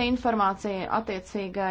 informācija attiecīgai